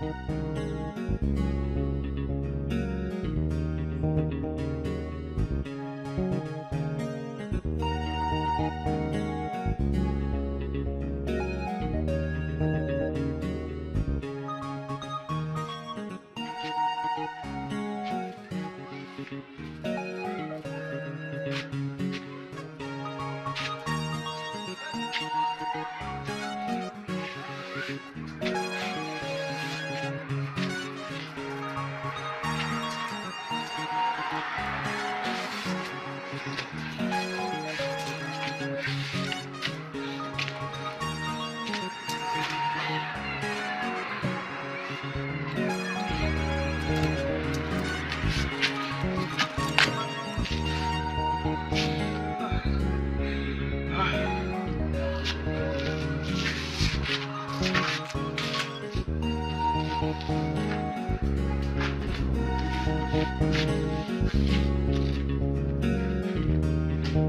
Thank you. ka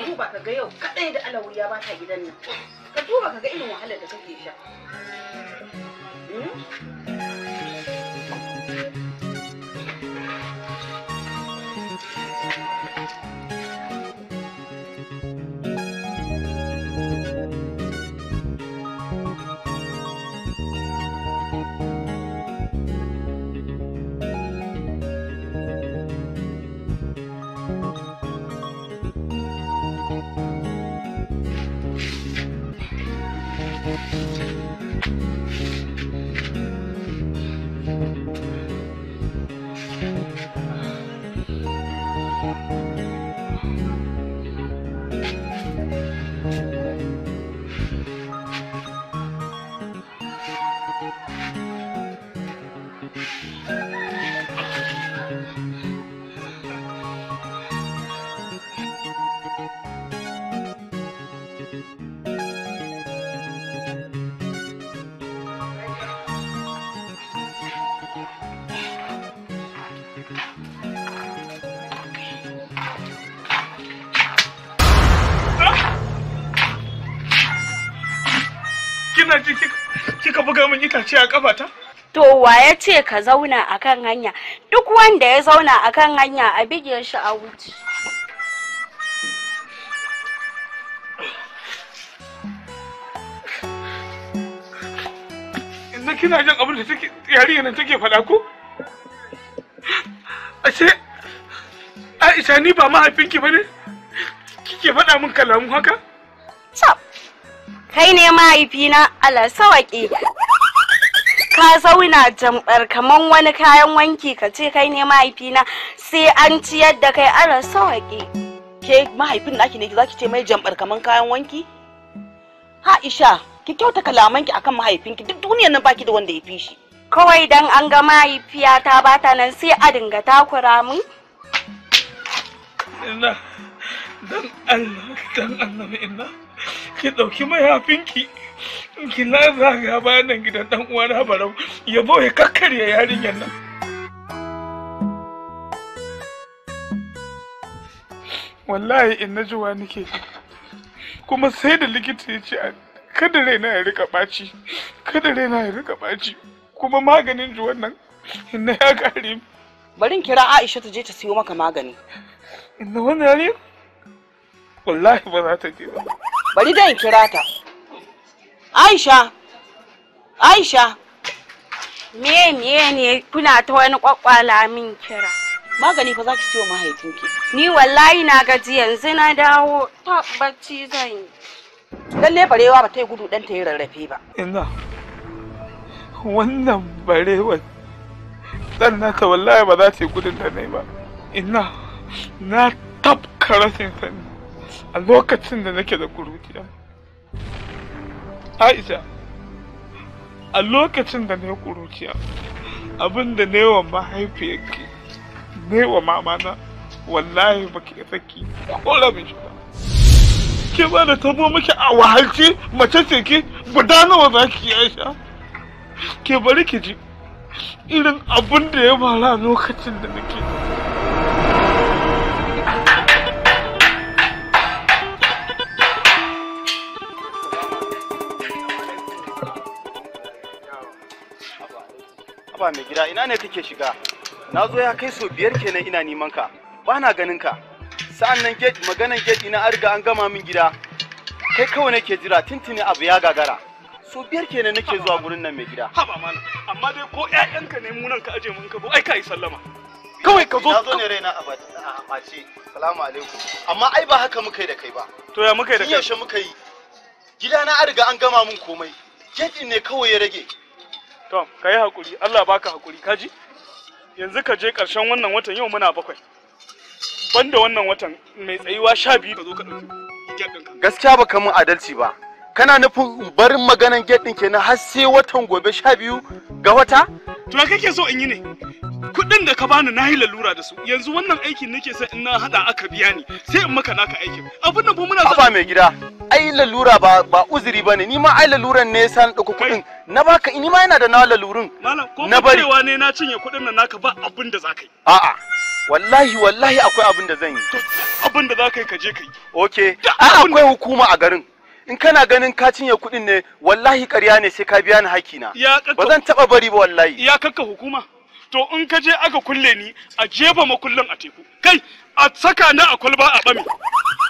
duba ka ga yau kaɗai da alawuya ya bata gidan nan ba ka ga irin wahalar da buga min itace a kafata to wa ya ce ka zauna a kan hanya duk wanda ya zauna a kan hanya a bige shi a wuce yanzu kina jin abin da take yariya nan take faɗa ko ashe Aisha ni ba mahaifinki bane kike faɗa min kalamu haka kai ne mahaifina Allah sawaƙe ka zauna jambar kamar wani kayan wanki ka ce kai ne mahaifina sai an ciyar da kai ana sawaƙe ke mahaifin naki ne zaki ce mai jambar kamar kayan wanki Aisha ki kyauta kalamanki akan mahaifinki duk duniyar nan baki da wanda ya fi shi kawai dan an ga mahaifiyata ta bata nan sai a dinga takura mu. Ina dan Allah dan Allah ina ki dauki mahaifinki. ki laza ga bayan gidan dan uwana barau ya zo ya kakkarya yarinyar nan wallahi in na jiwa nake kuma sai da likita ya ce kada raina ya rika ɓaci kada raina ya rika ɓaci kuma maganin juwan nan na ya kare Barin kira Aisha ta je ta siyo maka magani inna wannan yare wallahi ba za ta je ba bari dai in kira ta Aisha, Aisha, me me ne kuna ta wani kwakwala min kira. Magani fa za ki siyo mahaifinki. Ni wallahi na gaji yanzu na dawo ta bacci zan yi. Lalle barewa ba ta yi gudu ɗanta yi rarrafe ba. Ina, wannan barewa ɗan naka wallahi ba za ta yi gudun da nai ba. Ina, na tafka rashin sani a lokacin da nake da kuruciya. aisha a lokacin da na yi ƙuruciya abin da na wa mahaifiyarki na wa mamana wallahi ba ki isa ki kora min shi ba ke ba da tabo miki a wahalci mace ce ki guda nawa za ki yi aisha ke bari ki ji irin abin da ya fara lokacin da nake Haba mai gida ina ne kake shiga? Na zo ya kai so biyar kenan ina neman ka. Ba na ganin ka. Sa'an nan gate maganan gate ina an riga an gama min gida. Kai kawai nake jira tintini abu ya gagara. So biyar kenan nake zuwa gurin nan mai gida. Haba malam, amma dai ko ƴaƴanka ne mu nan ka aje mun ka bo ai kai yi sallama. Kawai ka zo. Na zo ne raina a mace. Salamu alaikum. Amma ai ba haka muka yi da kai ba. To ya muka yi da kai? Yaushe muka yi? Gida na an riga an gama min komai. Gate ne kawai ya rage. to ka yi haƙuri Allah baka haƙuri kaji yanzu ka je ƙarshen wannan watan yau muna bakwai banda wannan watan mai tsayuwa sha biyu ka zo ka ɗauki gaskiya ba mun adalci ba kana nufin barin maganan gate ɗin kenan har sai watan gobe sha biyu ga wata to kake so in yi ne kuɗin da ka bani nayi lalura da su yanzu wannan aikin nake sa in na hada aka biya ni sai in maka naka aikin abin nan ba muna ba mai gida ai lalura ba ba uzuri bane ni ma ai laluran ne san ɗauko kuɗin na baka ni ma yana da na lalurun malam ko cewa ne na cinye kuɗin nan naka ba abin da zaka yi a'a wallahi wallahi akwai abin da zan yi abin da zaka yi ka je ka yi okay a akwai hukuma a garin in kana ganin ka cinye kuɗin ne wallahi ƙarya ne sai ka biya ni hakina ba zan taɓa bari ba wallahi ya kakka hukuma to in ka je aka kulle ni a jefa makullin a teku kai a saka na a kwalba a bami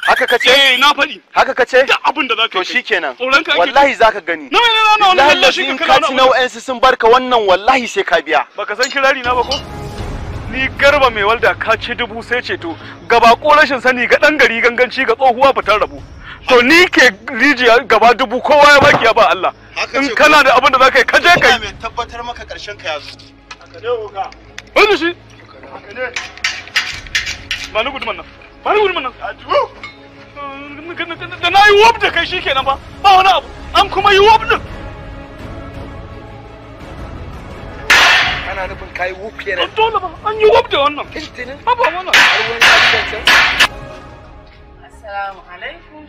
haka kace eh na faɗi haka kace da abin da zaka to shikenan wallahi zaka gani na na na wallahi Allah shi ka kana na wa'ansu sun barka wannan wallahi sai ka biya baka san kirari na ba ko ni garba mai walda ka ci dubu sai ceto gaba ko rashin sani ga dan gari ganganci ga tsohuwa fitar rabu to ni ke rijiya gaba dubu kowa ya baki ya ba Allah in kana da abin da zaka yi ka je kai tabbatar maka karshen ka ya zo Wani shi? Ba ni gudu nan. Ba ni gudunman nan. Da na yi wab da kai shi kenan ba. Ba wani abu. An kuma yi wab din. Ana nufin ka yi wub kenan. Dole ba. An yi wab da wannan. Intinin. Ba ba wannan. Assalamu alaikum.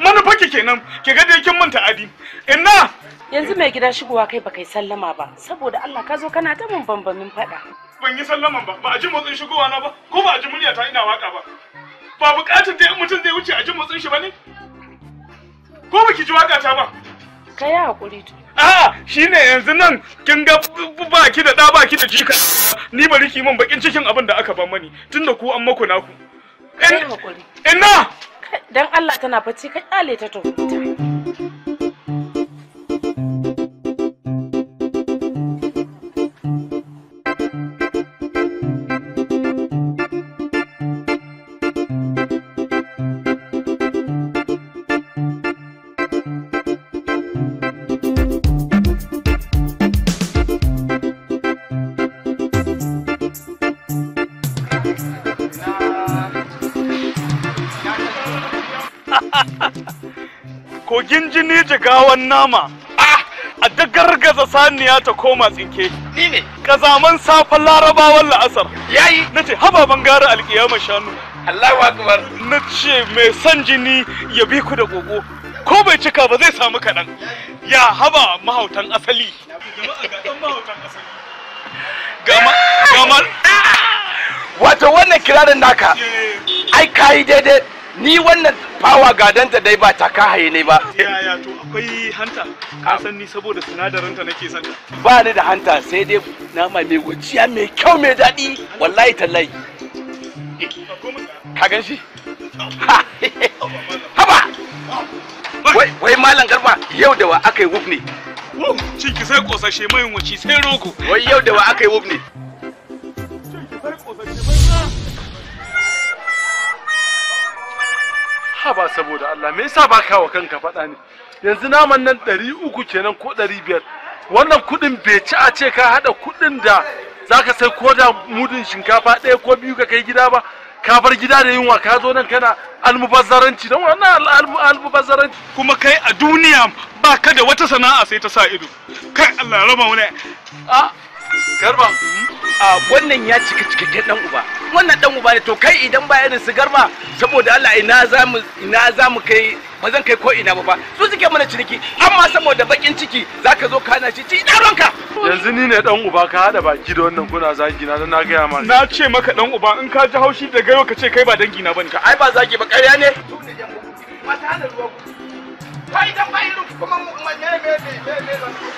manufa ki kenan ki ga dai kin mun ta'adi inna yanzu mai gida shigowa kai baka yi sallama ba saboda Allah ka zo kana ta mun bambamin fada ban yi sallaman ba ba a ji motsin shigowa na ba ko ba a ji murya ta ina waka ba ba bukatar da mutum zai wuce a ji motsin shi bane ko baki ji waka ta ba ka yi hakuri to a shine yanzu nan kin ga baki da da baki ki da jika ni bari ki min bakin cikin abin da aka ban mani tunda ku an maku naku ina dan Allah tana fa ce ka kyale ta to gawan nama ah! a dagargaza saniya ta koma tsinke ni ne kazaman safan larabawan la'asar yayi na ce haba bangaren alkiyama shanu Allahu akbar na ce mai son jini ya bi ku da gogo ko bai cika ba zai samu kaɗan ya haba mahautan asali gama ah! wato wannan kirarin naka ai kayi daidai ni wannan fawa gadanta dai ba ta kahaye ne ba akwai hanta ka san ni saboda sinadarin ta nake son ba ni da hanta sai dai nama mai gwajiya mai kyau mai daɗi wallahi tallahi ka gan shi haba wai malam garba yau da wa aka yi wuf ne sai kosashe mai wuci sai rogo wai yau da wa aka yi wuf haba saboda Allah me yasa ba kawo kanka faɗa ne yanzu naman nan ɗari uku kenan ko ɗari biyar wannan kuɗin bai ci a ce ka haɗa kuɗin da zaka sai ko da mudun shinkafa ɗaya ko biyu ka kai gida ba ka bar gida da yunwa ka zo nan kana almubazzaranci don wannan almubazzaranci kuma kai a duniya ba ka da wata sana'a sai ta sa ido kai Allah raba mu garba a wannan ya cika cikakken dan uba wannan dan uba ne to kai idan ba irin su garba saboda Allah ina za mu ina za mu kai ba zan kai ko ina ba su suke mana ciniki amma saboda bakin ciki zaka zo ka hana shi ci ina ranka yanzu ni ne dan uba ka hada baki da wannan kuna zagi na na gaya ma na ce maka dan uba in ka ji haushi da gayo ka ce kai ba dangi na bane ka ai ba zagi ba ƙarya ne ba ta da ruwa kai dan ba irin kuma mu mai mai mai mai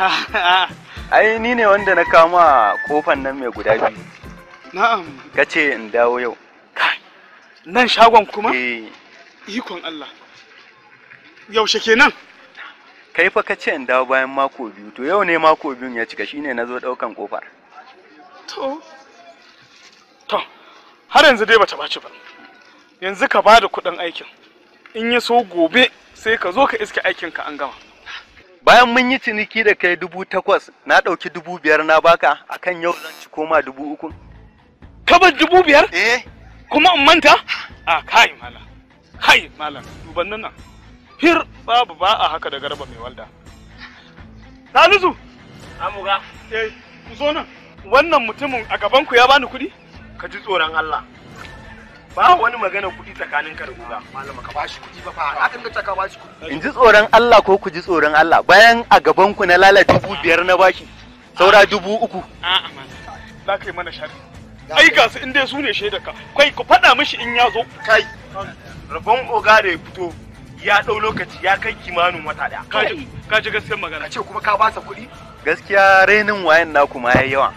ai ni ne wanda na kama kofan nan mai guda biyu na'am ka ce in dawo yau nan shagon kuma eh. ikon Allah yaushe kenan kai fa ka ce in dawo bayan mako biyu to yau ne mako biyun ya cika shine na zo ɗaukan kofar to to har yanzu dai bata ɓaci ba yanzu ka bada kuɗin aikin in ya so gobe sai ka zo ka iske aikinka an gama bayan mun yi ciniki da kai dubu takwas na ɗauki dubu biyar na baka a kan yau zan ci koma dubu uku Kabar dubu biyar eh kuma in manta a kai malam kai malam duban nan hir babu ba a haka da garba mai walda Salisu amuga eh ku zo nan wannan mutumin a gaban ku ya bani kuɗi ka ji tsoron Allah ba wani magana kuɗi tsakanin ka da uza malama ka bashi kuɗi ba fa hakan da ka bashi kuɗi in ji tsoron Allah ko ku ji tsoron Allah bayan a gaban ku na lalata dubu biyar na bashi saura dubu uku a'a za ka yi mana sharri ai ga su in dai su ne ka. kai ku faɗa mishi in ya zo kai rabon oga da ya fito ya ɗau lokaci ya kai kimanin wata ɗaya. Ka ji gaskiyar magana. Ka ce kuma ka sa kuɗi? Gaskiya renin wayan naku ma ya yawa.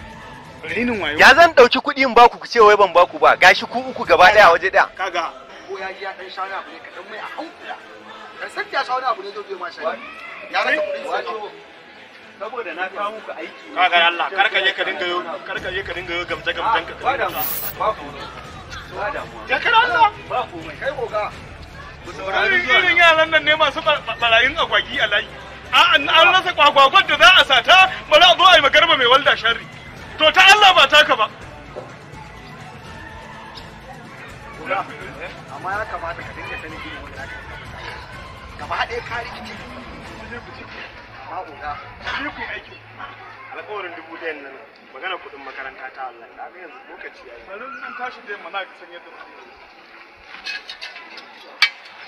ya zan dauki kuɗi in baku ku ce wai ban baku ba gashi ku uku gaba daya waje daya kaga ko ya ji ya dan sha abu ne ka dan mai a hankula dan san ya sha abu ne zai biyo ma sha ya rasa kuɗin sai saboda na kawo muku aiki kaga Allah kar ka je ka dinga yo kar ka je ka dinga yo gamta gamta ka ba da ba ku ba da mu ya kar Allah ba ku mai kai koga irin yaran nan ne masu barayin agwagi a layi an rasa kwagwagon da za a sata bari a zo a yi magarba mai walda sharri to ta Allah ba taka ba amma ya kamata ka dinga gaba ta ka ba. yanzu lokaci ya yi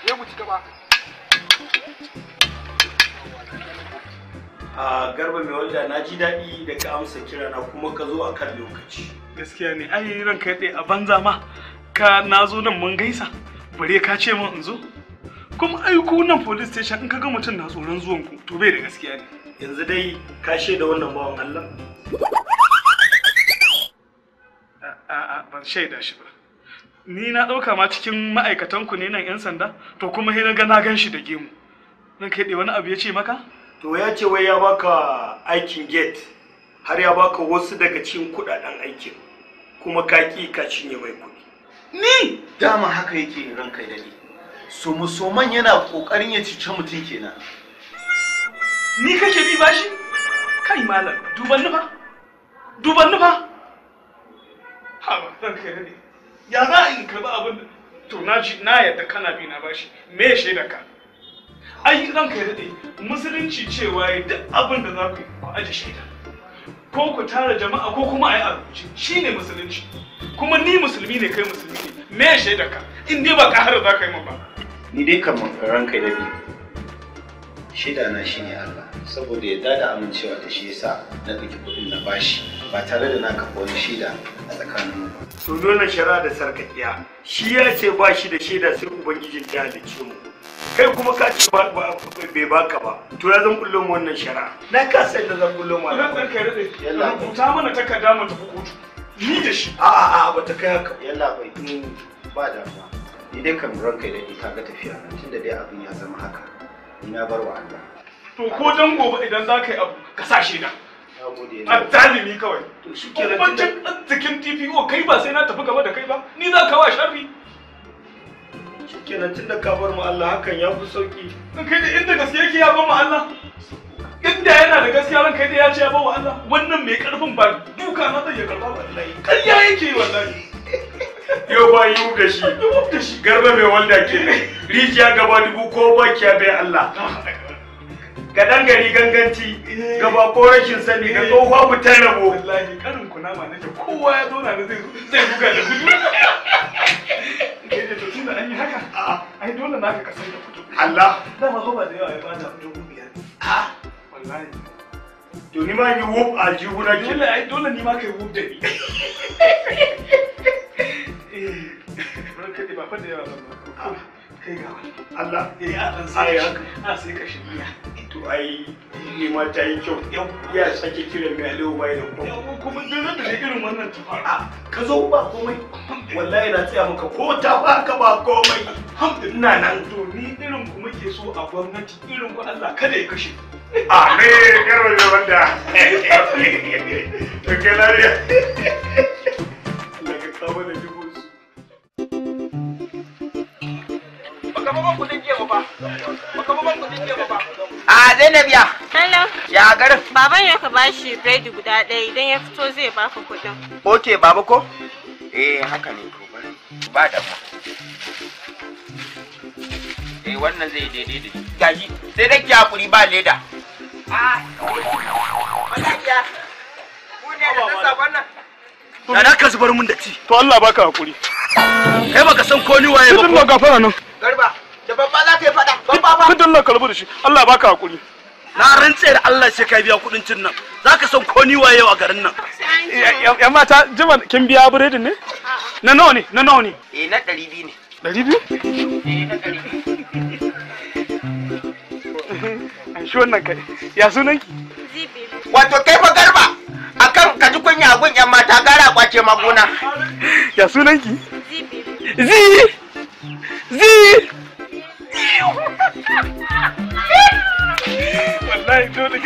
da yamma na ka ba a garba mai wanda na ji daɗi da ka amsa kira na kuma ka zo a kan lokaci gaskiya ne ai kai ya a banza ma ka na zo nan mun gaisa bare ka ce min in zo kuma ai ku nan police station in ka ga mutum na tsoron zuwan ku to bai da gaskiya ne yanzu dai ka shaida wannan bawan Allah a'a ban shaida shi ba ni na ɗauka ma cikin ma'aikatan ku ne nan 'yan sanda to kuma hira na ga na gan shi da gemu kai ya wani abu ya ce maka to ya ce wai ya baka aikin gate har ya baka wasu daga cikin kudaden aikin kuma ka ki ka cinye mai kuɗi ni dama haka yake ran kai da ni musoman yana kokarin ya cice mutum kenan ni kake bi bashi kai malam duban nufa duban nufa ha ba ran kai da ni ya za a yi karɓi abin to na yadda kana bi na bashi me shaidarka ka ai ranka ya daɗe musulunci cewa ya duk abin da za ku yi ku aje shaida ko ku tara jama'a ko kuma a yi arubuce shi ne musulunci kuma ni musulmi ne kai musulmi ne me ya shaida ka in dai ba ƙara za ka yi ba. ni dai kamar ranka da biyu shaida na shi ne Allah saboda ya da amincewa da shi yasa na ɗauki kuɗin na bashi ba tare da na kafa wani shaida a tsakanin ba. to nuna shara da sarkakiya shi ya ce ba shi da shaida sai ubangijin ya halicce mu kai kuma ka ci ba bai baka ba to ya zan kullum wannan shara na ka sai da zan kullum wannan ran kai rade yalla rubuta mana takarda mu tafi kotu ni da shi a a a bata kai haka yalla bai ba da ba ni dai kan ran kai da ka ga tafiya tunda dai abin ya zama haka ni na bar wa Allah to ko dan gobe idan za ka yi abu ka sa shi da addalimi kawai to shi cikin nan jikin TPO kai ba sai na tafi gaba da kai ba ni za ka wa sharri shikenan da ka bar mu Allah hakan ya fi sauki kai da inda gaske yake ya bar mu Allah inda yana da gaskiya kai da ya ce ya bar mu Allah wannan mai karfin ba duka na zai ya karba wallahi kariya yake wallahi yau ba yi da shi da shi garba mai wanda ke rijiya gaba dubu ko bakiya bai Allah ah, gadan gari ganganci eh. gaba ko rashin sani da eh. tsohuwa fitar rabo wallahi karin kunama nake kowa ya zo na zai zai buga da gudu yi haka a ah. ai dole naka ka sai da fito Allah dama zo ba da yawa ya bata ko biyar a wallahi to ni ma yi wop a jihuna ke dole ai dole ni ma kai wop da ni eh ba fa da yawa ba kai ga Allah ya yi akan sai ka shirya to ai ne ma ta yi kyau ya sake kiran mai alewa bai da kuma kuma zai zai da irin wannan tufa ka zo ba komai wallahi na tsaya maka ko ta ba ka ba komai ina nan to ni irin ku muke so a gwamnati irin ku Allah kada ya kashe amin ya rabu wanda to kai lariya daga kawo da A Zainab ya. Hello. Ya garin. Baban ya ka bashi biredi guda ɗaya idan ya fito zai baka kuɗin. Ok babu ko? Eh haka ne to bari. Ba da ma. Eh wannan zai daidai da gaji. Sai da kyakuri ba leda. Ah. Malakiya. da sabon na ka zubar mun da ci. To Allah baka hakuri. Kai baka san ko ni waye ba. Sidin da gafara nan. Garba. babba za ka yi faɗa babba kudin nan kalbu da shi Allah baka hakuri na rantse da Allah sai ka biya kudin cin nan ka san ko ni waye a garin nan yan mata jima kin biya biredin ne na nawa ne na nawa ne eh na 200 ne 200 eh na 200 an wannan kai ya sunan ki wato kai fa garba akan ka ji kunya gun yan mata gara kwace magona ya sunan ki zi zi wallahi dole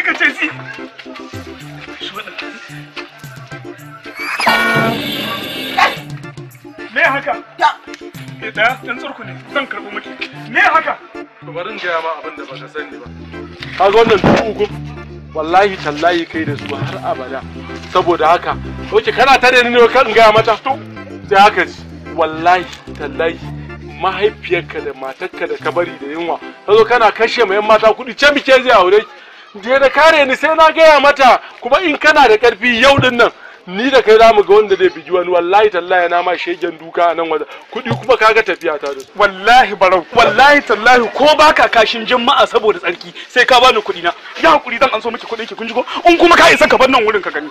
haka ke daya dan zan karbo miki me haka to bari in gaya ma abin da baka sani ba kaga wannan duk uku wallahi tallahi kai da su har abada saboda haka oke kana tare ni ne kan in gaya mata to sai haka ji wallahi tallahi mahaifiyarka da matarka da kabari da yunwa ka zo kana kashe mai mata kuɗi ce muke zai aure ki je da kare ni sai na gaya mata kuma in kana da karfi yau din nan ni da kai zamu ga wanda zai biji wani wallahi tallahi na ma shegen duka a nan waje kuɗi kuma kaga tafiya ta da wallahi barau wallahi tallahi ko baka kashin jama'a saboda tsarki sai ka bani kuɗi na ya hakuri zan an so miki kudin ki kun ji in kuma ka isa ka bar nan wurin ka gani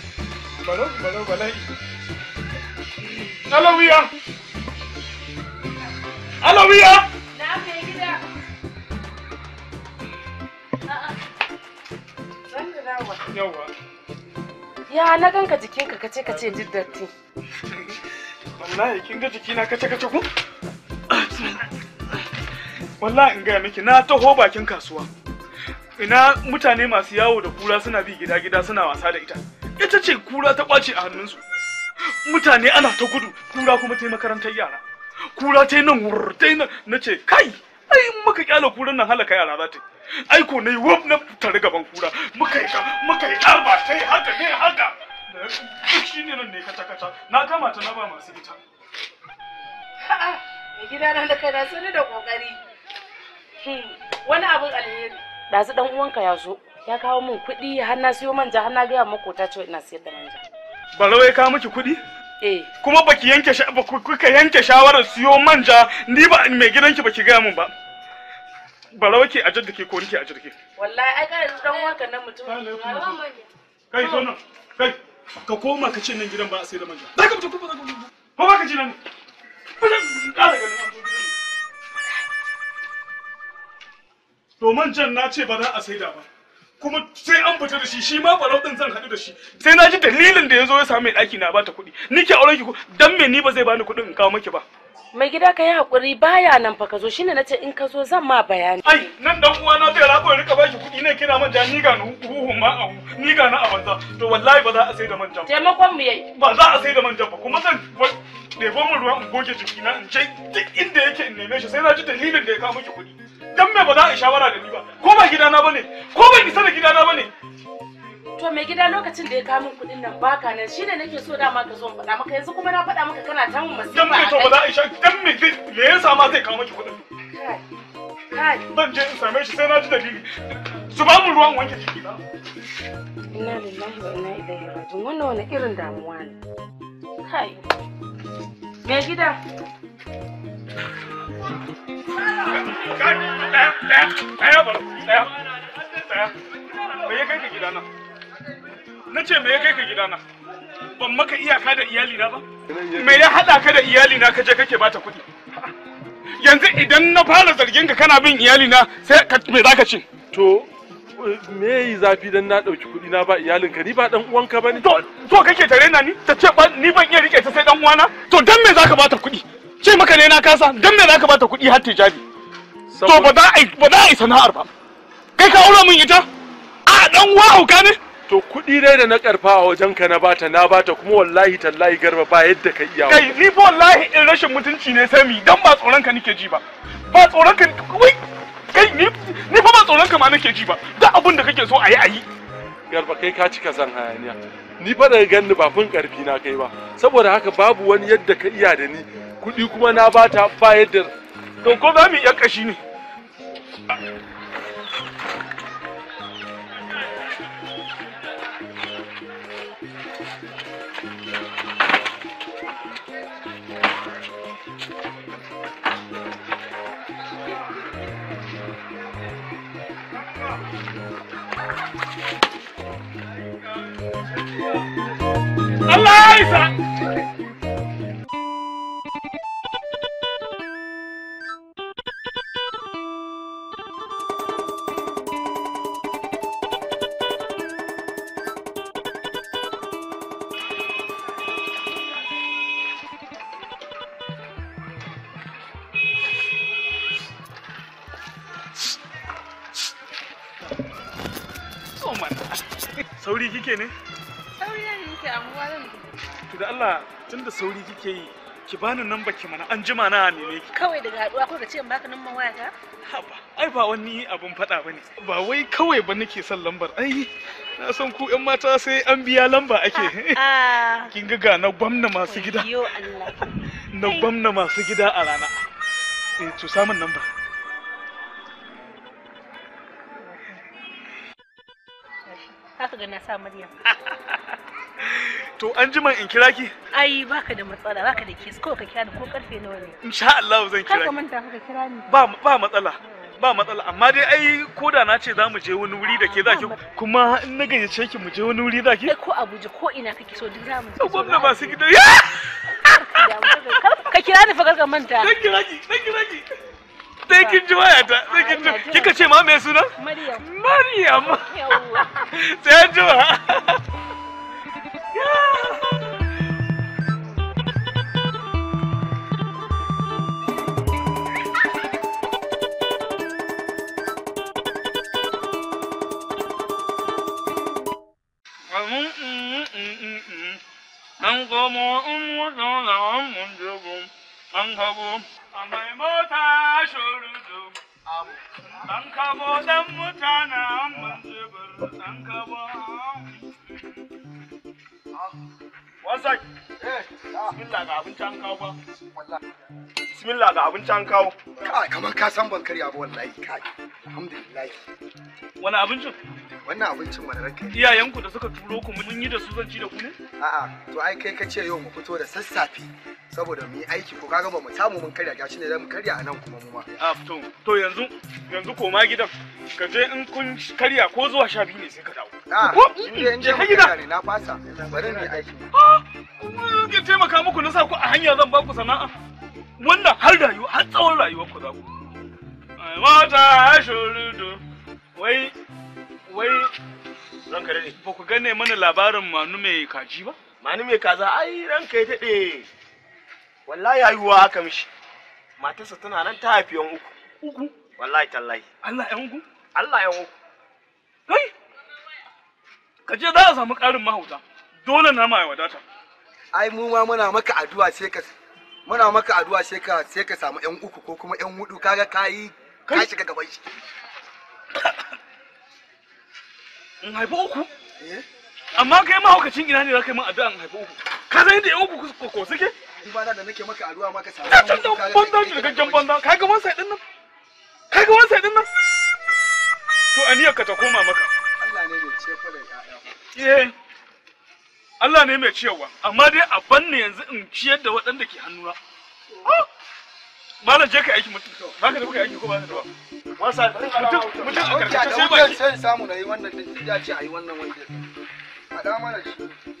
balo balo balai alawiya alawiya na mai gida yawa ya na ganka jikinka kace kace jin datti wallahi kin ga jikina kace kace ku wallahi in gaya miki na taho bakin kasuwa ina mutane masu yawo da kura suna bi gida gida suna wasa da ita ita ce kura ta kwace a hannunsu mutane ana ta gudu kura kuma ta yi makarantar yara kura ta yi nan wurr ta yi nan na ce kai ai muka kyala kuran nan halaka yara za ta yi ai ko na yi wab na tare gaban kura muka yi muka yi arba ta yi haka ne haka shi ne nan ne na kama ta na ba masu ita mai gida na da kai na sani da kokari hmm, wani abin alheri ɗazu ɗan uwanka ya zo ya kawo min kuɗi har na siyo manja har na gaya makota cewa ina siyar da manja Bala wai kawo miki kuɗi eh kuma baki yanke ba kuka yanke shawarar siyo manja ni ba mai gidanki baki gaya min ba wai ke a jaddake ko nike a jirgi wallahi ai kai dan wanka nan mutum kai zo nan kai ka koma ka ce nan gidan ba a sai da manja za ka fita kuma ka fita ko ba ka ji nan to manjan na ce ba za a saida ba kuma sai an fita da shi shi ma farau din zan haɗu da shi sai na ji dalilin da ya zo ya samu mai ɗaki na bata kuɗi nike auren ki dan me ni ba zai bani kuɗin in kawo miki ba mai gida ka yi hakuri baya nan fa ka zo shine nace in ka zo zan ma bayani ai nan dan uwa na zai rako rika baki kuɗi ne kina manja ni ga huhun ma a ni ga na a banza to wallahi ba za a sai da manjan taimakon mu yayi ba za a sai da manjan ba kuma zan ɗebo mu ruwan in goge na in je duk inda yake in neme shi sai na ji dalilin da ya kawo miki kuɗi dan mai ba za a shawara da ni ba ko ba gidana bane ko ba isa da gidana bane to mai gida lokacin da ya kawo min kuɗin nan baka nan shine nake so dama ka zo faɗa maka yanzu kuma na faɗa maka kana ta mun masifa dan mai to ba za a isa dan me me yasa ma zai kawo miki kuɗin kai zan je in same shi sai na ji dalili su ba mu ruwan wanke jiki na inna lillahi wa inna ilaihi raji'un wannan wani irin damuwa ne kai mai gida Ɗaya ba, Me ya kai ka gidana? Na ce me ya kai ka gidana? Ban maka iyaka da iyalina ba? Me ya haɗa ka da iyalina ka je kake bata kuɗi? Yanzu idan na fara zargin ka kana bin iyalina sai me za ka ce? To, me yi zafi dan na ɗauki kuɗi na ba iyalin ka, ni ba ɗan uwanka ba ne? To, to kake tare na ni? Ta ce ni ban iya riƙe ta sai ɗan uwana? To, dan me za ka bata kuɗi? ce maka ne na kasa dan me zaka bata kuɗi har tijabi to ba za a ba za a yi sana'ar ba kai ka aura min ita a dan uwa ka ne to kuɗi dai da na karfa a wajen ka na bata na bata kuma wallahi tallahi garba ba yadda ka iya kai ni fa wallahi in rashin mutunci ne sami dan ba tsoron ka nake ji ba ba tsoron ka wai kai ni ni fa ba tsoron ka ma nake ji ba Da abin da kake so ayi ayi. garba kai ka cika zan hayaniya ni fa daga ganni ba fun karfi na kai ba saboda haka babu wani yadda ka iya da ni kuɗi kuma na bata ba yadda to ko za mu iya kashi ne sauri kike ne sauri na ne nake amma zan to da Allah tunda sauri kike yi ki bani nan baki mana an jima na ne ne ki kawai daga haduwa ko ka ce maka nan waya ta haba ai ba wani abun fada bane ba wai kawai ba nake son lambar ai na san ku yan mata sai an biya lamba ake ah, ah. kin ga ga na gwamna masu gida yo Allah na gwamna masu gida a rana eh to samun nan sa murya. To an jima in kira ki? Ai baka da matsala baka da kis ko ka kira ni ko karfe nawa ne? Insha Allah zan kira. Kar manta ka kira ni. Ba ba matsala. Ba matsala amma dai ai ko da na ce za mu je wani wuri da ke zaki kuma in na gayyace ki mu je wani wuri zaki? Ai ko Abuja ko ina kake so duk za mu je. Gwamna ba su gidan. Ka kira ni fa kar ka manta. Zan kira ki, zan kira ki. sai kin ji wayata sai kin ji kika ce ma me suna maryam maryam sai an ji An gomo in wajen da an mun jirgin an habo mai mota shurudu dan kabo dan mutanen mun zubur dan kabo wasai bismillah ga abinci an kawo ba bismillah ga abinci an kawo kai kamar ka san ban karya ba wallahi kai alhamdulillah wani abincin wannan abincin wani ranka iyayenku da suka turo ku mun yi da su zan ci da ku ne a'a to ai kai ka ce yau mu fito da sassafe saboda mu yi aiki ko kaga ba mu samu mun karya gashi ne mu karya a nan kuma mu ma a ah, to to yanzu yanzu koma gidan ka je in kun karya ko zuwa sha biyu ne sai ka dawo ah, ko in je ka gida ne na fasa bari mu aiki ha ah, ke taimaka muku na sa ku a hanya zan ba ku sana'a wannan har rayuwa har tsawon rayuwar ku za ku mata shurudu wai wai ranka ne. ba ku gane mana labarin manu mai kaji ba manu mai kaza ai ranka ya tade wallahi haihuwa haka mishi matarsa tana nan ta haifi yan uku uku wallahi tallahi Allah yan uku Allah yan uku kai ka je za a samu ƙarin mahauta dole na mai wadata ai mu ma muna maka addu'a sai ka muna maka addu'a sai ka sai ka samu yan uku ko kuma yan hudu kaga kai ka shiga gaban shi in haifi uku eh? amma kai mahaukacin ina ne za ka yi min addu'a in haifi uku ka zai da yan uku ko suke da nake maka maka samu. Ka Ka ga wansa din nan? Ka ga wansa nan? To aniyar ka ta koma maka. Allah ne mai ce fara Eh. Allah ne mai ciyarwa, amma dai a banne yanzu in ciyar da waɗanda ke hannuna. Ah! Malam je ka aiki mutum. Ba ka tafi ka aiki ko ba ka tafi. Wasa mutum mutum a karkace sai ba. samu yi wannan ya ce a wannan A da mana shi.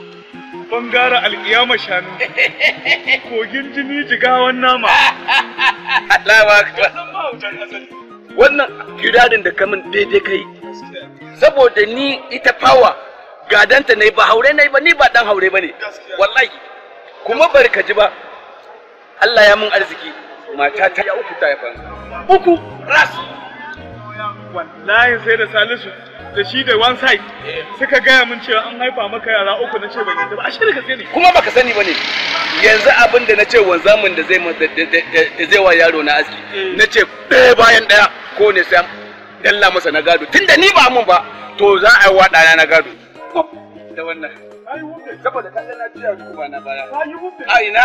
bangara alƙiyama shanu kogin jini jigawan nama alawa wannan kiradin da kamun daidai kai saboda ni ita fawa gadanta ne ba haure ne ba ni ba dan haure bane wallahi kuma ji ba Allah ya mun arziki mata ta uku ta yafan uku ras wallahi sai da salisu da shi da one side suka gaya min cewa an haifa maka yara uku na ce ban ba ashe daga sani kuma baka sani bane yanzu abin da na ce wanzamin da zai da zai wa yaro na aski na ce ɗaya bayan ɗaya ko ne sai dalla masa na gado tunda ni ba mun ba to za a yi wa ɗana na gado da wannan saboda ka na jiya kuma na baya ai na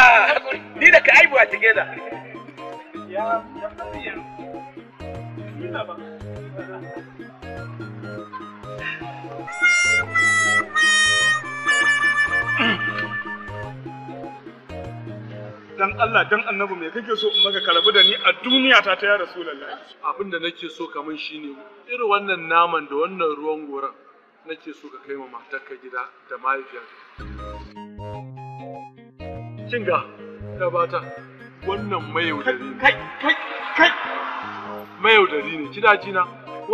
ni da ka aibu a cike da ya ya ba dan Allah dan annabi me kake so in maka karabu da ni a duniya ta ta ya rasulullahi abin da nake so kaman shine irin wannan naman da wannan ruwan goran nake so ka kai ma matarka gida da mahaifiyarka kinga ta bata wannan mayaudari ne kai kai kai mayaudari ne kina jina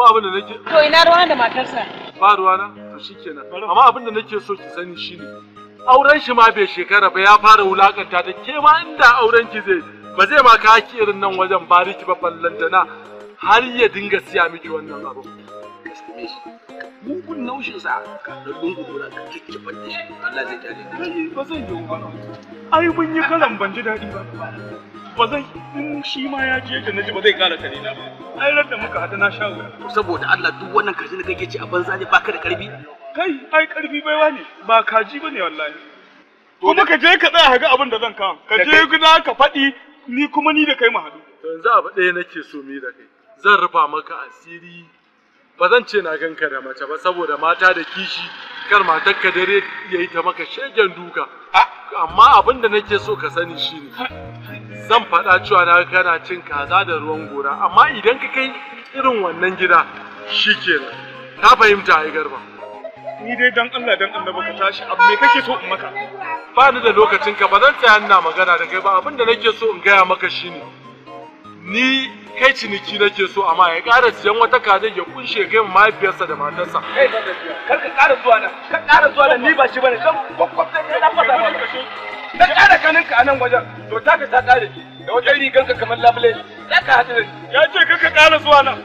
wa abin da nake to ina ruwa da matarsa ba ruwa na to shikenan amma abin da nake so ki sani shine auren shi ma bai shekara ba ya fara wulakanta ta ke ma inda auren ki zai ba zai ma kaki irin nan wajen bariki ba dana har ya dinga siya miki wannan abu gaskiya shi mugun naushin sa ka dan gudu dora ka kike fadda shi Allah zai tare ni ba zai yi ba ai mun yi kalan ban ji dadi ba ba zai in shi ma ya je da naji ba zai kara kare na ba ai ran muka hada na sha wuya saboda Allah duk wannan karshen da kake ci a banza ne ba ka da karbi kai ai karfi baiwa ne ba kaji bane wallahi kuma ka je ka tsaya ga abin da zan kawo ka je gida ka faɗi ni kuma ni da kai mu haɗu yanzu abu ɗaya nake so mi da kai zan rufa maka asiri ba zan ce na ganka da mace ba saboda mata da kishi kar matar ka dare yayi ta maka shegen duka amma abin da nake so ka sani shine zan faɗa cewa na kana cin kaza da ruwan gora amma idan ka kai irin wannan gida shikenan ka fahimta ai garba ni dai dan Allah dan Allah baka tashi abu me kake so in maka ba ni da lokacin ka ba zan tsaya ina magana da kai ba abin da nake so in gaya maka shine ni kai ciniki nake so amma ya ƙara siyan wata kaza ya kunshe kai mahaifiyarsa da matarsa kai ba da kar ka ƙara zuwa nan ka ƙara zuwa nan ni ba shi bane dan kwakwabta ne na fasa ba na ƙara kanin ka a nan wajen to taka ta ƙare da wajen rigan ka kamar labule za ka haɗu da ya ce ka ƙara zuwa nan